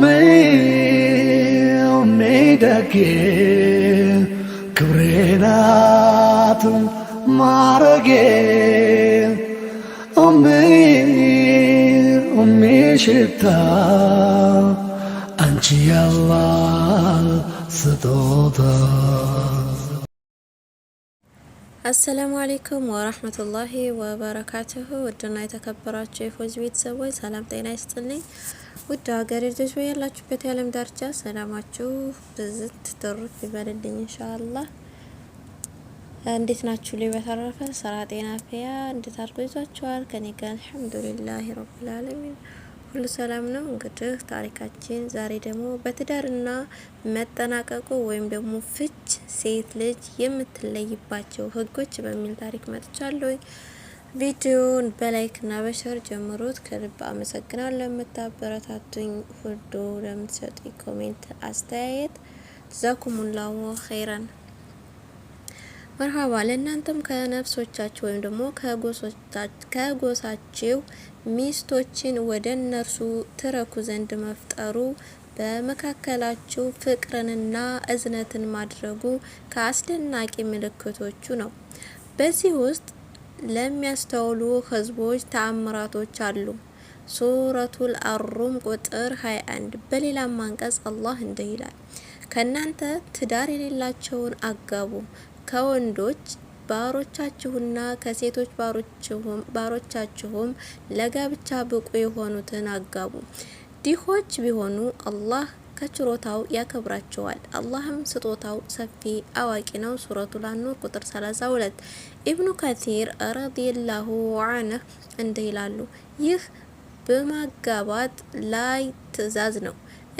me, omega que ክብሬናት ማረጌ ኦሜ ኦሜ ሽታ አንቺ ያላ ስጦታ አሰላሙ አሌይኩም ወራህመቱላሂ ወበረካቱሁ። ውድና የተከበራችሁ የፎዝ ቤተሰቦች ሰላም ጤና ይስጥልኝ። ውድ ሀገሬ ልጆች በያላችሁበት የዓለም ዳርቻ ሰላማችሁ ብዝት ትርፍ ይበልልኝ ኢንሻአላህ። እንዴት ናችሁ? ላይ በተረፈ ስራ፣ ጤና፣ ፍያ እንዴት አድርጎ ይዟችኋል? ከኔ ጋር አልሐምዱሊላህ ረብል አለሚን ሁሉ ሰላም ነው። እንግዲህ ታሪካችን ዛሬ ደግሞ በትዳርና መጠናቀቁ ወይም ደግሞ ፍች ሴት ልጅ የምትለይባቸው ህጎች በሚል ታሪክ መጥቻለሁ። ቪዲዮውን በላይክ እና በሸር ጀምሩት። ከልብ አመሰግናለሁ። ለምታበረታቱኝ ሁሉ፣ ለምትሰጡ ኮሜንት፣ አስተያየት ጀዛኩሙላሁ ኸይራን መርሃባ። ለእናንተም ከነፍሶቻችሁ ወይም ደግሞ ከጎሳችሁ ሚስቶችን ወደ እነርሱ ትረኩ ዘንድ መፍጠሩ በመካከላችሁ ፍቅርንና እዝነትን ማድረጉ ከአስደናቂ ምልክቶቹ ነው። በዚህ ውስጥ ለሚያስተውሉ ህዝቦች ተአምራቶች አሉ። ሱረቱል አሩም ቁጥር 21 በሌላም አንቀጽ አላህ እንዲህ ይላል፣ ከእናንተ ትዳር የሌላቸውን አጋቡ ከወንዶች ባሮቻችሁና ከሴቶች ባሮቻችሁም ለጋብቻ ብቁ የሆኑትን አጋቡ። ዲሆች ቢሆኑ አላህ ከችሮታው ያከብራቸዋል። አላህም ስጦታው ሰፊ አዋቂ ነው። ሱረቱ አኑር ቁጥር 32 ኢብኑ ከቲር ረዲየላሁ አንህ እንዲህ ይላሉ። ይህ በማጋባት ላይ ትዕዛዝ ነው።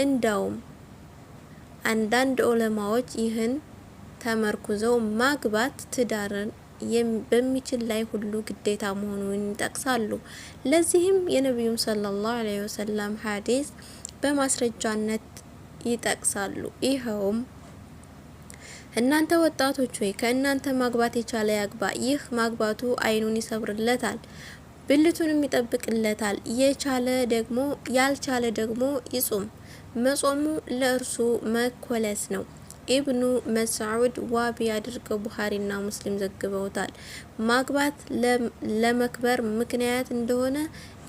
እንዳውም አንዳንድ ዑለማዎች ይህን ተመርኩዘው ማግባት ትዳርን በሚችል ላይ ሁሉ ግዴታ መሆኑን ይጠቅሳሉ። ለዚህም የነቢዩም ሰለላሁ ዐለይሂ ወሰለም ሐዲስ በማስረጃነት ይጠቅሳሉ። ይኸውም እናንተ ወጣቶች ሆይ ከእናንተ ማግባት የቻለ ያግባ፣ ይህ ማግባቱ አይኑን ይሰብርለታል፣ ብልቱንም ይጠብቅለታል። የቻለ ደግሞ ያልቻለ ደግሞ ይጹም፣ መጾሙ ለእርሱ መኮለስ ነው። ኢብኑ መስዑድ ዋቢ አድርገው ቡሃሪና ሙስሊም ዘግበውታል። ማግባት ለመክበር ምክንያት እንደሆነ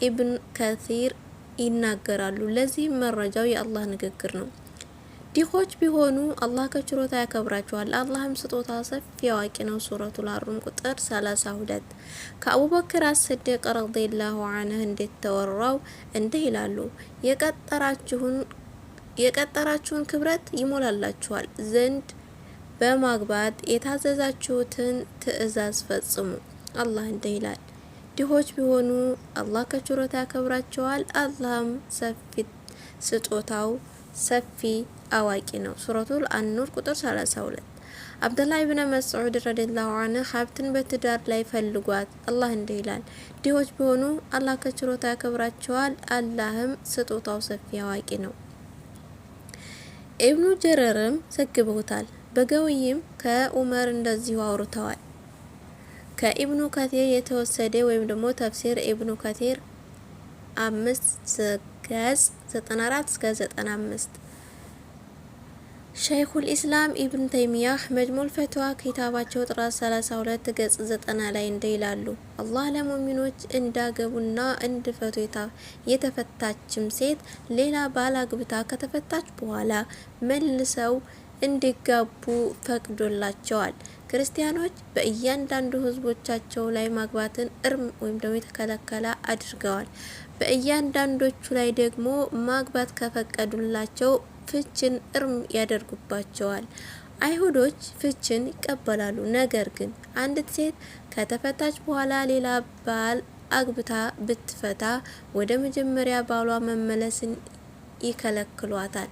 ኢብን ከሲር ይናገራሉ። ለዚህም መረጃው የአላህ ንግግር ነው። ዲሆች ቢሆኑ አላህ ከችሮታ ያከብራቸዋል። አላህም ስጦታ ሰፊ አዋቂ ነው። ሱረቱ ላሩም ቁጥር 32 ከአቡበክር አስዲቅ ረዲየላሁ ዐንሁ ተወራው እንዲህ ይላሉ የቀጠራችሁን የቀጠራችሁን ክብረት ይሞላላችኋል ዘንድ በማግባት የታዘዛችሁትን ትእዛዝ ፈጽሙ። አላህ እንዲህ ይላል ድሆች ቢሆኑ አላህ ከችሮታ ያከብራቸዋል። አላህም ሰፊ ስጦታው ሰፊ አዋቂ ነው። ሱረቱል አኑር ቁጥር 32 አብደላህ ኢብነ መስዑድ ረዲየላሁ ዐንሁ ሀብትን በትዳር ላይ ፈልጓት። አላህ እንዲህ ይላል፣ ድሆች ቢሆኑ አላህ ከችሮታ ያከብራቸዋል፣ አላህም ስጦታው ሰፊ አዋቂ ነው። ኢብኑ ጀረርም ዘግበውታል። በገውይም ከኡመር እንደዚሁ አውርተዋል። ከኢብኑ ከቴር የተወሰደ ወይም ደግሞ ተፍሲር ኢብኑ ከቴር አምስት ገጽ 94 እስከ 95 ሸይኹል ኢስላም ኢብን ተይሚያህ መጅሙል ፈትዋ ኪታባቸው ጥራት 32 ገጽ 90 ላይ እንደ ይላሉ አላህ ለሙሚኖች እንዳገቡና እንድፈቱ የተፈታችም ሴት ሌላ ባል አግብታ ከተፈታች በኋላ መልሰው እንዲጋቡ ፈቅዶላቸዋል። ክርስቲያኖች በእያንዳንዱ ህዝቦቻቸው ላይ ማግባትን እርም ወይም ደግሞ የተከለከለ አድርገዋል። በእያንዳንዶቹ ላይ ደግሞ ማግባት ከፈቀዱላቸው ፍችን እርም ያደርጉባቸዋል። አይሁዶች ፍችን ይቀበላሉ። ነገር ግን አንዲት ሴት ከተፈታች በኋላ ሌላ ባል አግብታ ብትፈታ ወደ መጀመሪያ ባሏ መመለስን ይከለክሏታል።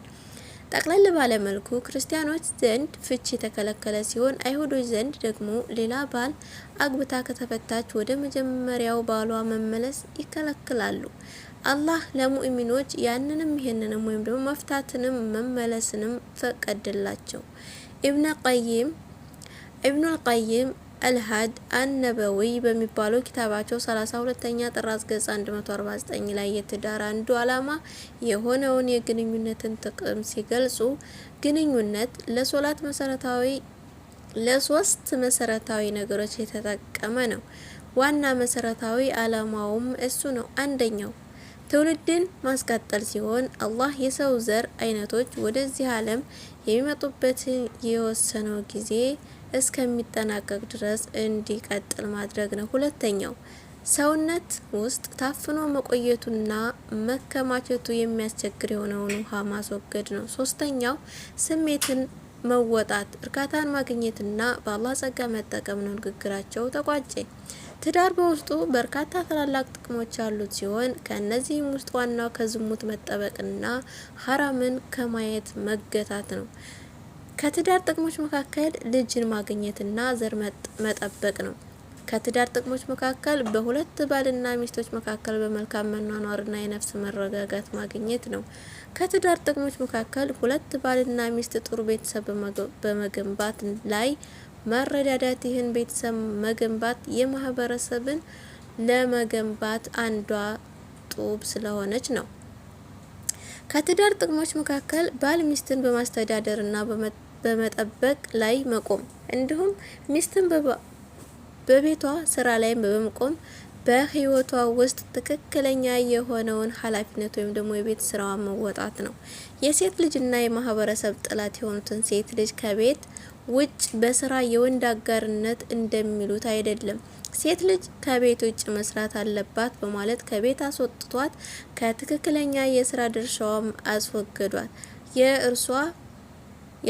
ጠቅለል መልኩ ክርስቲያኖች ዘንድ ፍች የተከለከለ ሲሆን አይሁዶች ዘንድ ደግሞ ሌላ ባል አግብታ ከተፈታች ወደ መጀመሪያው ባሏ መመለስ ይከለክላሉ። አላህ ለሙእሚኖች ያንንም ይሄንንም ወይም ደግሞ መፍታትንም መመለስንም ፈቀድላቸው። ኢብነ ቀይም ኢብኑል ቀይም አልሃድ አነበዊ በሚባለው ኪታባቸው 32ኛ ጥራዝ ገጽ 149 ላይ የትዳር አንዱ አላማ የሆነውን የግንኙነትን ጥቅም ሲገልጹ ግንኙነት ለሶላት መሰረታዊ ለሶስት መሰረታዊ ነገሮች የተጠቀመ ነው። ዋና መሰረታዊ አላማውም እሱ ነው። አንደኛው ትውልድን ማስቀጠል ሲሆን አላህ የሰው ዘር አይነቶች ወደዚህ ዓለም የሚመጡበትን የወሰነው ጊዜ እስከሚጠናቀቅ ድረስ እንዲቀጥል ማድረግ ነው። ሁለተኛው ሰውነት ውስጥ ታፍኖ መቆየቱና መከማቸቱ የሚያስቸግር የሆነውን ውሃ ማስወገድ ነው። ሶስተኛው ስሜትን መወጣት፣ እርካታን ማግኘትና በአላህ ጸጋ መጠቀም ነው። ንግግራቸው ተቋጨ። ትዳር በውስጡ በርካታ ታላላቅ ጥቅሞች ያሉት ሲሆን ከእነዚህም ውስጥ ዋናው ከዝሙት መጠበቅና ሀራምን ከማየት መገታት ነው። ከትዳር ጥቅሞች መካከል ልጅን ማግኘትና ዘር መጠበቅ ነው። ከትዳር ጥቅሞች መካከል በሁለት ባልና ሚስቶች መካከል በመልካም መኗኗርና የነፍስ መረጋጋት ማግኘት ነው። ከትዳር ጥቅሞች መካከል ሁለት ባልና ሚስት ጥሩ ቤተሰብ በመገንባት ላይ መረዳዳት ይህን ቤተሰብ መገንባት የማህበረሰብን ለመገንባት አንዷ ጡብ ስለሆነች ነው። ከትዳር ጥቅሞች መካከል ባል ሚስትን በማስተዳደርና በመጠበቅ ላይ መቆም እንዲሁም ሚስትን በቤቷ ስራ ላይ በመቆም በህይወቷ ውስጥ ትክክለኛ የሆነውን ኃላፊነት ወይም ደግሞ የቤት ስራዋን መወጣት ነው። የሴት ልጅና የማህበረሰብ ጥላት የሆኑትን ሴት ልጅ ከቤት ውጭ በስራ የወንድ አጋርነት እንደሚሉት አይደለም። ሴት ልጅ ከቤት ውጭ መስራት አለባት በማለት ከቤት አስወጥቷት ከትክክለኛ የስራ ድርሻዋም አስወግዷት። የእርሷ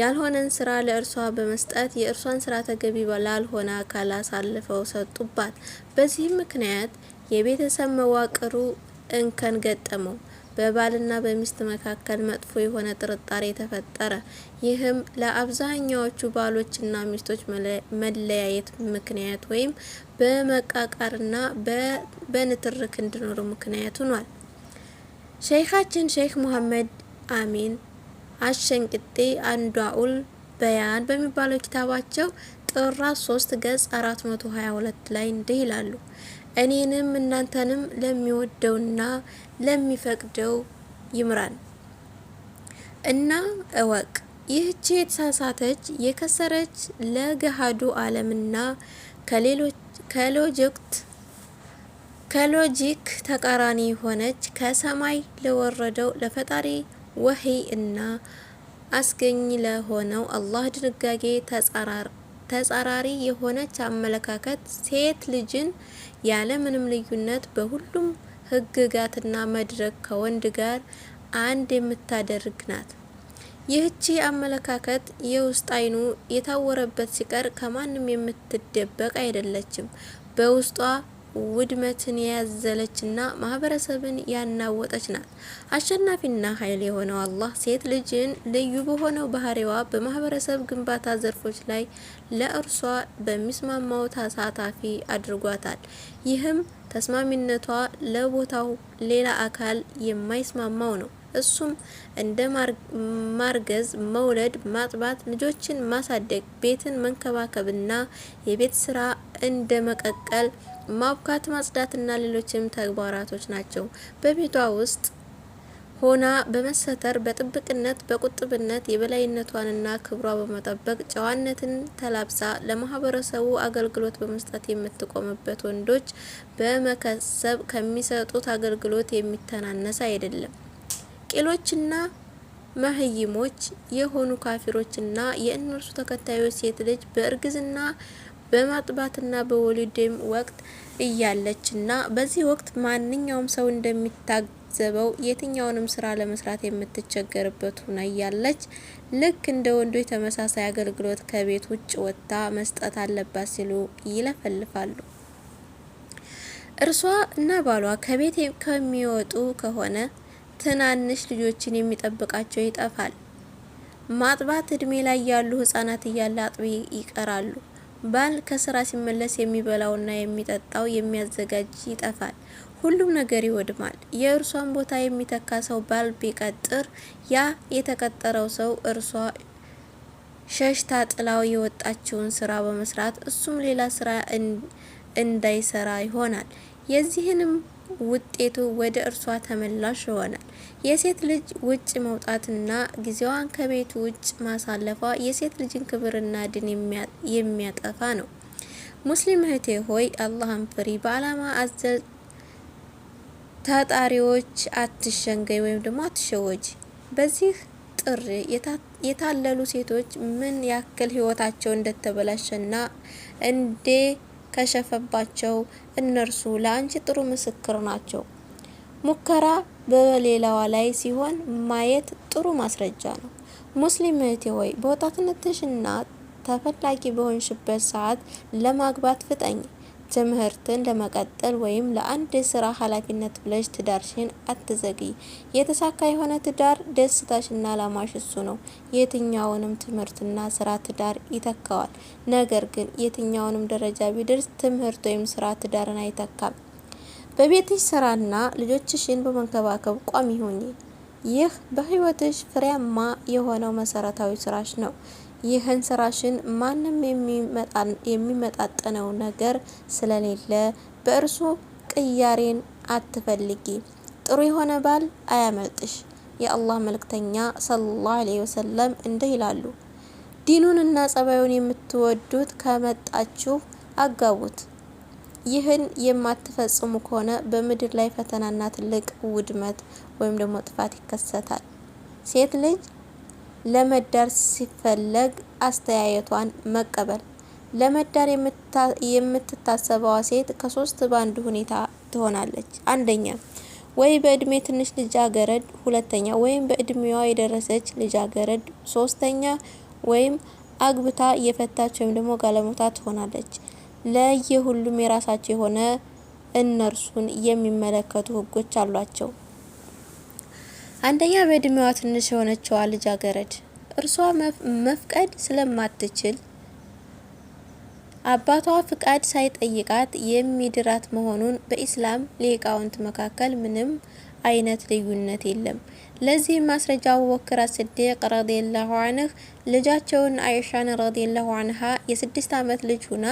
ያልሆነን ስራ ለእርሷ በመስጠት የእርሷን ስራ ተገቢ ላልሆነ አካል አሳልፈው ሰጡባት። በዚህም ምክንያት የቤተሰብ መዋቅሩ እንከን ገጠመው። በባልና በሚስት መካከል መጥፎ የሆነ ጥርጣሬ ተፈጠረ። ይህም ለአብዛኛዎቹ ባሎችና ሚስቶች መለያየት ምክንያት ወይም በመቃቃርና በንትርክ እንዲኖሩ ምክንያት ሆኗል። ሸይኻችን ሼክ ሙሐመድ አሚን አሸንቅጤ አንዷኡል በያን በሚባለው ኪታባቸው ጥራ 3 ገጽ 422 ላይ እንዲህ ይላሉ እኔንም እናንተንም ለሚወደውና ለሚፈቅደው ይምራን እና እወቅ ይህች የተሳሳተች የከሰረች ለገሃዱ ዓለምና ከሎጂክት ከሎጂክ ተቃራኒ የሆነች ከሰማይ ለወረደው ለፈጣሪ ወህይ እና አስገኝ ለሆነው አላህ ድንጋጌ ተጻራር ተጻራሪ የሆነች አመለካከት ሴት ልጅን ያለ ምንም ልዩነት በሁሉም ህግጋትና መድረክ ከወንድ ጋር አንድ የምታደርግ ናት። ይህቺ አመለካከት የውስጥ አይኑ የታወረበት ሲቀር ከማንም የምትደበቅ አይደለችም። በውስጧ ውድመትን ያዘለችና ማህበረሰብን ያናወጠች ናት። አሸናፊና ኃይል የሆነው አላህ ሴት ልጅን ልዩ በሆነው ባህሪዋ በማህበረሰብ ግንባታ ዘርፎች ላይ ለእርሷ በሚስማማው ተሳታፊ አድርጓታል። ይህም ተስማሚነቷ ለቦታው ሌላ አካል የማይስማማው ነው። እሱም እንደ ማርገዝ፣ መውለድ፣ ማጥባት፣ ልጆችን ማሳደግ፣ ቤትን መንከባከብና የቤት ስራ እንደ መቀቀል ማብካት፣ ማጽዳትና ሌሎችም ተግባራቶች ናቸው። በቤቷ ውስጥ ሆና በመሰተር በጥብቅነት በቁጥብነት የበላይነቷንና ክብሯ በመጠበቅ ጨዋነትን ተላብሳ ለማህበረሰቡ አገልግሎት በመስጠት የምትቆምበት ወንዶች በመከሰብ ከሚሰጡት አገልግሎት የሚተናነስ አይደለም። ቂሎችና መህይሞች የሆኑ ካፊሮችና የእነርሱ ተከታዮች ሴት ልጅ በእርግዝና በማጥባትና በወሊድም ወቅት እያለች እና በዚህ ወቅት ማንኛውም ሰው እንደሚታዘበው የትኛውንም ስራ ለመስራት የምትቸገርበት ሁና እያለች ልክ እንደ ወንዶች ተመሳሳይ አገልግሎት ከቤት ውጭ ወጥታ መስጠት አለባት ሲሉ ይለፈልፋሉ። እርሷ እና ባሏ ከቤት ከሚወጡ ከሆነ ትናንሽ ልጆችን የሚጠብቃቸው ይጠፋል። ማጥባት እድሜ ላይ ያሉ ህጻናት እያለ አጥቢ ይቀራሉ። ባል ከስራ ሲመለስ የሚበላውና የሚጠጣው የሚያዘጋጅ ይጠፋል፣ ሁሉም ነገር ይወድማል። የእርሷን ቦታ የሚተካ ሰው ባል ቢቀጥር ያ የተቀጠረው ሰው እርሷ ሸሽታ ጥላው የወጣችውን ስራ በመስራት እሱም ሌላ ስራ እንዳይሰራ ይሆናል። የዚህንም ውጤቱ ወደ እርሷ ተመላሽ ይሆናል። የሴት ልጅ ውጭ መውጣትና ጊዜዋን ከቤት ውጭ ማሳለፏ የሴት ልጅን ክብርና ድን የሚያጠፋ ነው። ሙስሊም እህቴ ሆይ አላህን ፍሪ። በአላማ አዘል ታጣሪዎች አትሸንገይ ወይም ደግሞ አትሸወጂ። በዚህ ጥሪ የታለሉ ሴቶች ምን ያክል ህይወታቸው እንደተበላሸና እንዴ ከሸፈባቸው እነርሱ ለአንቺ ጥሩ ምስክር ናቸው። ሙከራ በሌላዋ ላይ ሲሆን ማየት ጥሩ ማስረጃ ነው። ሙስሊም እህቴ ሆይ በወጣትነትሽና ተፈላጊ በሆንሽበት ሰዓት ለማግባት ፍጠኝ። ትምህርትን ለመቀጠል ወይም ለአንድ ስራ ኃላፊነት ብለሽ ትዳርሽን አትዘግይ። የተሳካ የሆነ ትዳር ደስታሽና አላማሽ እሱ ነው። የትኛውንም ትምህርትና ስራ ትዳር ይተካዋል። ነገር ግን የትኛውንም ደረጃ ቢደርስ ትምህርት ወይም ስራ ትዳርን አይተካም። በቤትሽ ስራና ልጆችሽን በመንከባከብ ቋሚ ሁኚ። ይህ በህይወትሽ ፍሬያማ የሆነው መሰረታዊ ስራሽ ነው። ይህን ስራሽን ማንም የሚመጣጠነው ነገር ስለሌለ በእርሱ ቅያሬን አትፈልጊ። ጥሩ የሆነ ባል አያመልጥሽ። የአላህ መልእክተኛ ሰለላሁ ዐለይሂ ወሰለም እንዲህ ይላሉ፣ ዲኑን እና ጸባዩን የምትወዱት ከመጣችሁ አጋቡት። ይህን የማትፈጽሙ ከሆነ በምድር ላይ ፈተናና ትልቅ ውድመት ወይም ደግሞ ጥፋት ይከሰታል። ሴት ልጅ ለመዳር ሲፈለግ አስተያየቷን መቀበል። ለመዳር የምትታሰበዋ ሴት ከሶስት በአንድ ሁኔታ ትሆናለች። አንደኛ ወይ በእድሜ ትንሽ ልጃገረድ፣ ሁለተኛ ወይም በእድሜዋ የደረሰች ልጃገረድ፣ ሶስተኛ ወይም አግብታ የፈታች ወይም ደግሞ ጋለሞታ ትሆናለች። ለየሁሉም የራሳቸው የሆነ እነርሱን የሚመለከቱ ህጎች አሏቸው። አንደኛ በእድሜዋ ትንሽ የሆነችዋ ልጃገረድ እርሷ መፍቀድ ስለማትችል አባቷ ፍቃድ ሳይጠይቃት የሚድራት መሆኑን በኢስላም ሊቃውንት መካከል ምንም አይነት ልዩነት የለም። ለዚህም ማስረጃ አቡበክር አስዲቅ ረዲየላሁ አንህ ልጃቸውን አይሻን ረዲየላሁ አንሃ የስድስት ዓመት ልጅ ሁና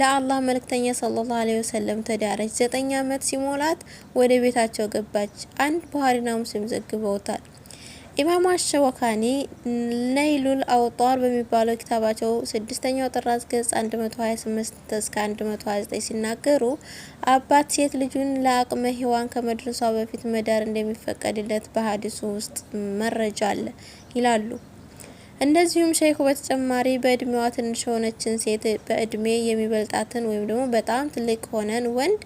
ለአላህ መልእክተኛ ሰለላሁ ዐለይሂ ወሰለም ተዳረች። ዘጠኝ ዓመት ሲሞላት ወደ ቤታቸው ገባች። አንድ ቡሃሪና ሙስሊም ዘግበውታል። ኢማም አሸወካኒ ነይሉል አውጣር በሚባለው ኪታባቸው ስድስተኛው ጥራዝ ገጽ 128 እስከ 129 ሲናገሩ አባት ሴት ልጁን ለአቅመ ሔዋን ከመድረሷ በፊት መዳር እንደሚፈቀድለት በሀዲሱ ውስጥ መረጃ አለ ይላሉ። እንደዚሁም ሸይኹ በተጨማሪ በእድሜዋ ትንሽ የሆነችን ሴት በእድሜ የሚበልጣትን ወይም ደግሞ በጣም ትልቅ ሆነን ወንድ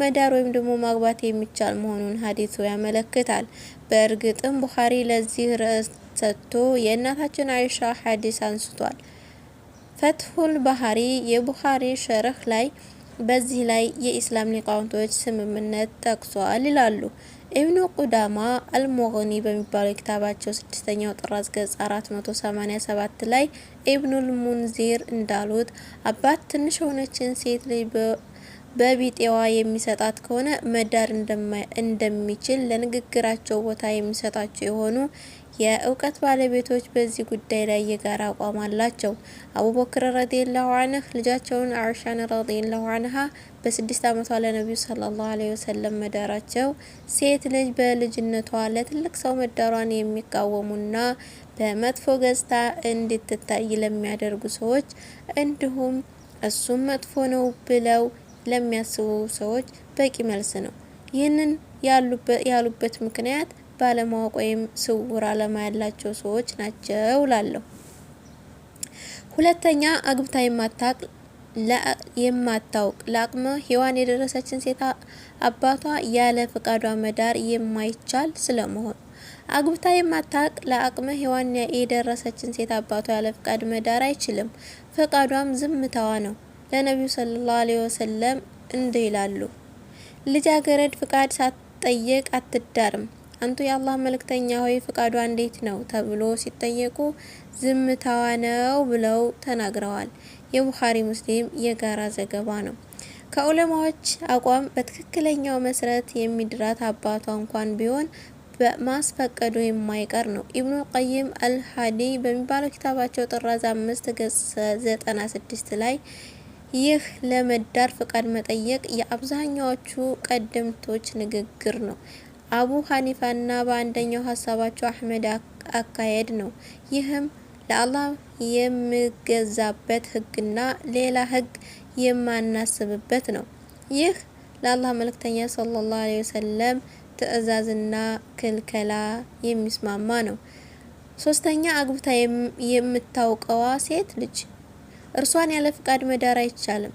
መዳር ወይም ደግሞ ማግባት የሚቻል መሆኑን ሀዲሱ ያመለክታል። በእርግጥም ቡኻሪ ለዚህ ርዕስ ሰጥቶ የእናታችን አይሻ ሀዲስ አንስቷል። ፈትሁል ባህሪ የቡኻሪ ሸርህ ላይ በዚህ ላይ የኢስላም ሊቃውንቶች ስምምነት ጠቅሷል ይላሉ። ኢብኑ ቁዳማ አልሞግኒ በሚባለው ኪታባቸው ስድስተኛው ጥራዝ ገጽ 487 ላይ ኢብኑል ሙንዚር እንዳሉት አባት ትንሽ የሆነችን ሴት ልጅ በቢጤዋ የሚሰጣት ከሆነ መዳር እንደሚችል ለንግግራቸው ቦታ የሚሰጣቸው የሆኑ የእውቀት ባለቤቶች በዚህ ጉዳይ ላይ የጋራ አቋም አላቸው። አቡበክር ረዲየላሁ አንህ ልጃቸውን አዕሻን ረዲየላሁ አንሃ በስድስት ዓመቷ ለነቢዩ ሰለላሁ አለይሂ ወሰለም መዳራቸው ሴት ልጅ በልጅነቷ ለትልቅ ሰው መዳሯን የሚቃወሙና በመጥፎ ገጽታ እንድትታይ ለሚያደርጉ ሰዎች እንዲሁም እሱም መጥፎ ነው ብለው ለሚያስቡ ሰዎች በቂ መልስ ነው። ይህንን ያሉበት ምክንያት ባለማወቅ ወይም ስውር አላማ ያላቸው ሰዎች ናቸው ላለሁ። ሁለተኛ አግብታ የማታቅ የማታውቅ ለአቅመ ሔዋን የደረሰችን ሴት አባቷ ያለ ፈቃዷ መዳር የማይቻል ስለመሆኑ አግብታ የማታውቅ ለአቅመ ሔዋን የደረሰችን ሴት አባቷ ያለ ፍቃድ መዳር አይችልም። ፈቃዷም ዝምታዋ ነው። ለነቢዩ ሰለላሁ ዐለይሂ ወሰለም እንዲህ ይላሉ፣ ልጃገረድ ፍቃድ ሳትጠየቅ አትዳርም። አንቱ የአላህ መልእክተኛ ሆይ ፍቃዷ እንዴት ነው ተብሎ ሲጠየቁ ዝምታዋ ነው ብለው ተናግረዋል። የቡኻሪ ሙስሊም የጋራ ዘገባ ነው። ከዑለማዎች አቋም በትክክለኛው መሰረት የሚድራት አባቷ እንኳን ቢሆን በማስፈቀዱ የማይቀር ነው። ኢብኑ ቀይም አልሃዲ በሚባለው ኪታባቸው ጥራዝ አምስት ገጽ ዘጠና ስድስት ላይ ይህ ለመዳር ፍቃድ መጠየቅ የአብዛኛዎቹ ቀደምቶች ንግግር ነው። አቡ ሀኒፋና በአንደኛው ሀሳባቸው አህመድ አካሄድ ነው። ይህም ለአላህ የምገዛበት ህግና ሌላ ህግ የማናስብበት ነው። ይህ ለአላህ መልእክተኛ ሰለላሁ ዐለይሂ ወሰለም ትዕዛዝና ክልከላ የሚስማማ ነው። ሶስተኛ አግብታ የምታውቀዋ ሴት ልጅ እርሷን ያለ ፍቃድ መዳር አይቻልም።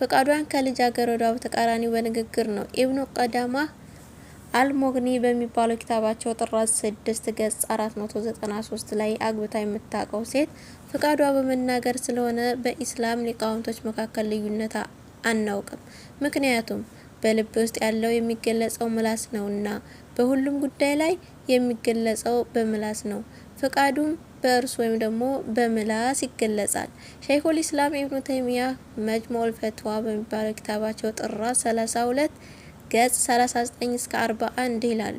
ፍቃዷን ከልጃገረዷ በተቃራኒ በንግግር ነው። ኢብኑ ቀዳማ አልሞግኒ በሚባለው ኪታባቸው ጥራት ስድስት ገጽ 493 ላይ አግብታ የምታውቀው ሴት ፍቃዷ በመናገር ስለሆነ በኢስላም ሊቃውንቶች መካከል ልዩነት አናውቅም። ምክንያቱም በልብ ውስጥ ያለው የሚገለጸው ምላስ ነውና፣ በሁሉም ጉዳይ ላይ የሚገለጸው በምላስ ነው። ፍቃዱም በእርስ ወይም ደግሞ በምላስ ይገለጻል። ሸይኹል ኢስላም ኢብኑ ተይሚያ መጅሙዑል ፈትዋ በሚባለው ኪታባቸው ጥራት 32 ገጽ 39 እስከ 41 ይላሉ።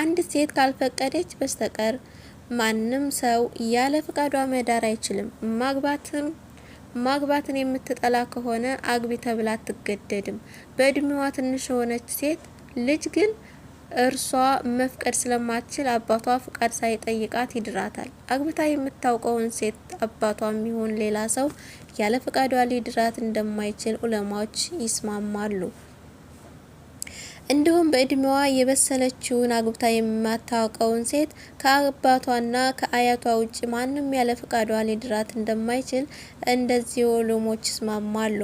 አንዲት ሴት ካልፈቀደች በስተቀር ማንም ሰው ያለ ፍቃዷ መዳር አይችልም። ማግባትም ማግባትን የምትጠላ ከሆነ አግቢ ተብላ አትገደድም። በእድሜዋ ትንሽ የሆነች ሴት ልጅ ግን እርሷ መፍቀድ ስለማትችል አባቷ ፍቃድ ሳይጠይቃት ይድራታል። አግብታ የምታውቀውን ሴት አባቷ የሚሆን ሌላ ሰው ያለ ፍቃዷ ሊድራት እንደማይችል ዑለማዎች ይስማማሉ። እንዲሁም በእድሜዋ የበሰለችውን አግብታ የማታውቀውን ሴት ከአባቷና ከአያቷ ውጭ ማንም ያለ ፈቃዷ ሊድራት እንደማይችል እንደዚህ ዑለሞች ይስማማሉ።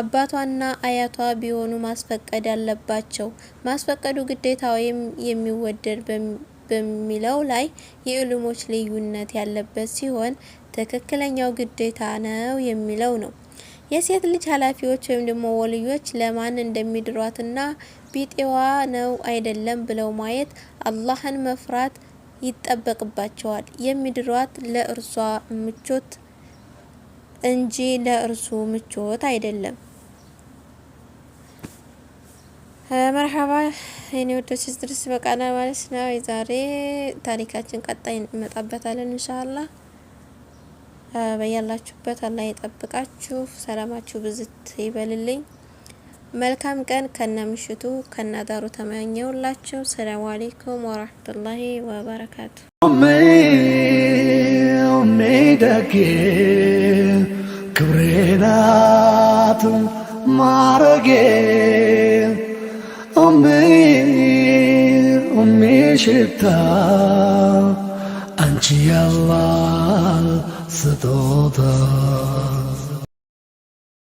አባቷና አያቷ ቢሆኑ ማስፈቀድ ያለባቸው ማስፈቀዱ ግዴታ ወይም የሚወደድ በሚለው ላይ የዑለሞች ልዩነት ያለበት ሲሆን ትክክለኛው ግዴታ ነው የሚለው ነው። የሴት ልጅ ኃላፊዎች ወይም ደግሞ ወልዮች ለማን እንደሚድሯትና ቢጤዋ ነው አይደለም ብለው ማየት አላህን መፍራት ይጠበቅባቸዋል። የሚድሯት ለእርሷ ምቾት እንጂ ለእርሱ ምቾት አይደለም። መርሐባ የኔ ወዶች ድረስ በቃና ማለት ነው። የዛሬ ታሪካችን ቀጣይ እንመጣበታለን ኢንሻአላህ። በያላችሁበት አላህ ይጠብቃችሁ። ሰላማችሁ ብዝት ይበልልኝ። መልካም ቀን ከነምሽቱ ከነዳሩ ተመኘውላችሁ። ሰላም አለይኩም ወራህመቱላሂ ወበረካቱ። ሜደጌ ክብሬናት ማረጌ ሽታ አንቺ ያላል 活動だ